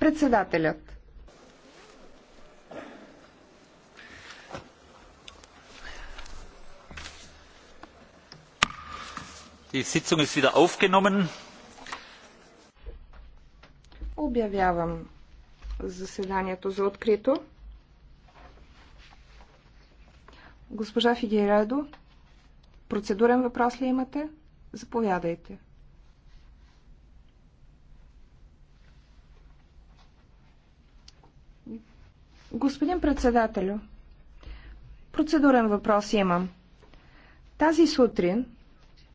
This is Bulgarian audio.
Председателят. Die Sitzung ist wieder aufgenommen. Обявявам заседанието за открито. Госпожа Фигейредо, процедурен въпрос ли имате? Заповядайте. Господин председателю, процедурен въпрос имам. Тази сутрин